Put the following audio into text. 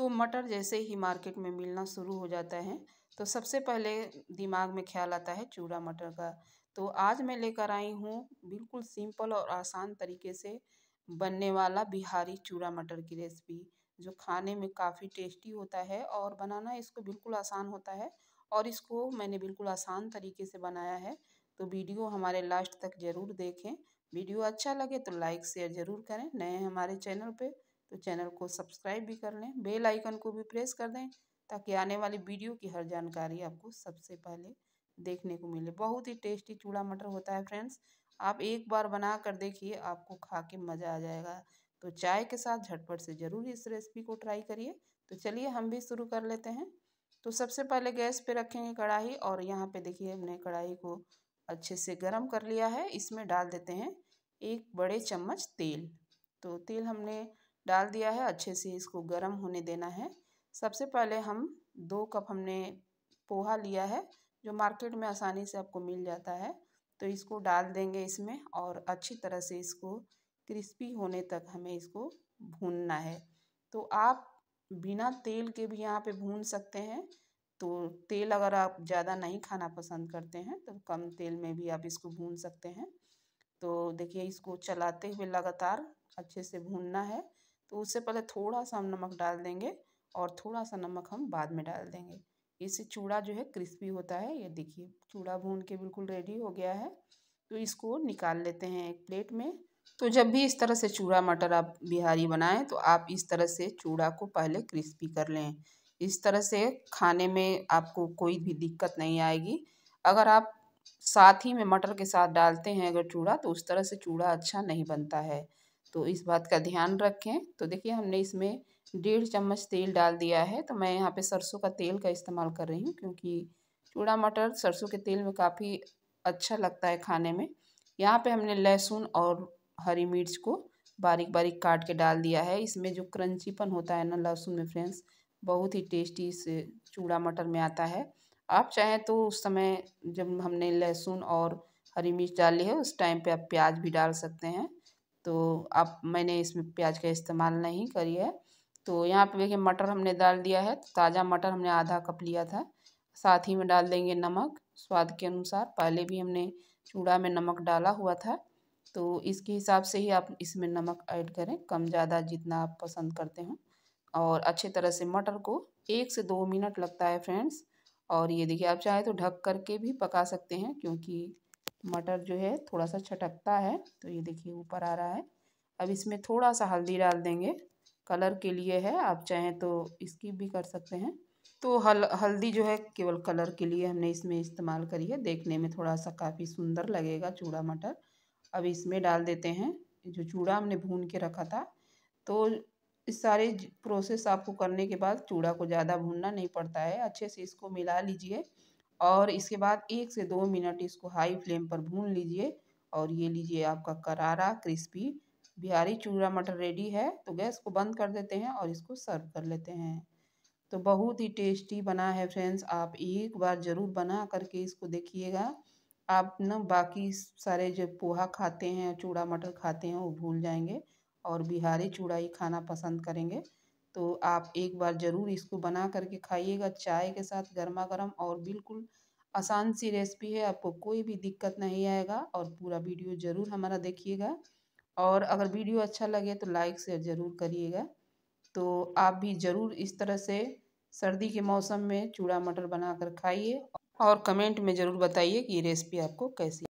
तो मटर जैसे ही मार्केट में मिलना शुरू हो जाता है तो सबसे पहले दिमाग में ख्याल आता है चूड़ा मटर का तो आज मैं लेकर आई हूँ बिल्कुल सिंपल और आसान तरीके से बनने वाला बिहारी चूड़ा मटर की रेसिपी जो खाने में काफ़ी टेस्टी होता है और बनाना इसको बिल्कुल आसान होता है और इसको मैंने बिल्कुल आसान तरीके से बनाया है तो वीडियो हमारे लास्ट तक ज़रूर देखें वीडियो अच्छा लगे तो लाइक शेयर ज़रूर करें नए हमारे चैनल पर तो चैनल को सब्सक्राइब भी कर लें बेल आइकन को भी प्रेस कर दें ताकि आने वाली वीडियो की हर जानकारी आपको सबसे पहले देखने को मिले बहुत ही टेस्टी चूड़ा मटर होता है फ्रेंड्स आप एक बार बना कर देखिए आपको खा के मज़ा आ जाएगा तो चाय के साथ झटपट से ज़रूर इस रेसिपी को ट्राई करिए तो चलिए हम भी शुरू कर लेते हैं तो सबसे पहले गैस पे रखेंगे कढ़ाई और यहाँ पे देखिए हमने कढ़ाई को अच्छे से गर्म कर लिया है इसमें डाल देते हैं एक बड़े चम्मच तेल तो तेल हमने डाल दिया है अच्छे से इसको गर्म होने देना है सबसे पहले हम दो कप हमने पोहा लिया है जो मार्केट में आसानी से आपको मिल जाता है तो इसको डाल देंगे इसमें और अच्छी तरह से इसको क्रिस्पी होने तक हमें इसको भूनना है तो आप बिना तेल के भी यहाँ पे भून सकते हैं तो तेल अगर आप ज़्यादा नहीं खाना पसंद करते हैं तो कम तेल में भी आप इसको भून सकते हैं तो देखिए इसको चलाते हुए लगातार अच्छे से भूनना है तो उससे पहले थोड़ा सा हम नमक डाल देंगे और थोड़ा सा नमक हम बाद में डाल देंगे इससे चूड़ा जो है क्रिस्पी होता है ये देखिए चूड़ा भून के बिल्कुल रेडी हो गया है तो इसको निकाल लेते हैं एक प्लेट में तो जब भी इस तरह से चूड़ा मटर आप बिहारी बनाएं तो आप इस तरह से चूड़ा को पहले क्रिस्पी कर लें इस तरह से खाने में आपको कोई भी दिक्कत नहीं आएगी अगर आप साथ ही में मटर के साथ डालते हैं अगर चूड़ा तो उस तरह से चूड़ा अच्छा नहीं बनता है तो इस बात का ध्यान रखें तो देखिए हमने इसमें डेढ़ चम्मच तेल डाल दिया है तो मैं यहाँ पे सरसों का तेल का इस्तेमाल कर रही हूँ क्योंकि चूड़ा मटर सरसों के तेल में काफ़ी अच्छा लगता है खाने में यहाँ पे हमने लहसुन और हरी मिर्च को बारीक बारीक काट के डाल दिया है इसमें जो क्रंचीपन होता है ना लहसुन में फ्रेंड्स बहुत ही टेस्टी इस चूड़ा मटर में आता है आप चाहें तो उस समय जब हमने लहसुन और हरी मिर्च डाली है उस टाइम पे आप प्याज भी डाल सकते हैं तो आप मैंने इसमें प्याज का इस्तेमाल नहीं करी है तो यहाँ पे देखिए मटर हमने डाल दिया है ताज़ा मटर हमने आधा कप लिया था साथ ही में डाल देंगे नमक स्वाद के अनुसार पहले भी हमने चूड़ा में नमक डाला हुआ था तो इसके हिसाब से ही आप इसमें नमक ऐड करें कम ज़्यादा जितना आप पसंद करते हो और अच्छे तरह से मटर को एक से दो मिनट लगता है फ्रेंड्स और ये देखिए आप चाहे तो ढक करके भी पका सकते हैं क्योंकि मटर जो है थोड़ा सा छटकता है तो ये देखिए ऊपर आ रहा है अब इसमें थोड़ा सा हल्दी डाल देंगे कलर के लिए है आप चाहें तो इसकी भी कर सकते हैं तो हल हल्दी जो है केवल कलर के लिए हमने इसमें इस्तेमाल करी है देखने में थोड़ा सा काफ़ी सुंदर लगेगा चूड़ा मटर अब इसमें डाल देते हैं जो चूड़ा हमने भून के रखा था तो इस सारे प्रोसेस आपको करने के बाद चूड़ा को ज़्यादा भूनना नहीं पड़ता है अच्छे से इसको मिला लीजिए और इसके बाद एक से दो मिनट इसको हाई फ्लेम पर भून लीजिए और ये लीजिए आपका करारा क्रिस्पी बिहारी चूड़ा मटर रेडी है तो गैस को बंद कर देते हैं और इसको सर्व कर लेते हैं तो बहुत ही टेस्टी बना है फ्रेंड्स आप एक बार ज़रूर बना करके इसको देखिएगा आप ना बाकी सारे जो पोहा खाते हैं चूड़ा मटर खाते हैं वो भूल जाएंगे और बिहारी चूड़ा ही खाना पसंद करेंगे तो आप एक बार ज़रूर इसको बना करके खाइएगा चाय के साथ गर्मा गर्म और बिल्कुल आसान सी रेसिपी है आपको कोई भी दिक्कत नहीं आएगा और पूरा वीडियो ज़रूर हमारा देखिएगा और अगर वीडियो अच्छा लगे तो लाइक शेयर ज़रूर करिएगा तो आप भी ज़रूर इस तरह से सर्दी के मौसम में चूड़ा मटर बनाकर खाइए और कमेंट में ज़रूर बताइए कि ये रेसिपी आपको कैसी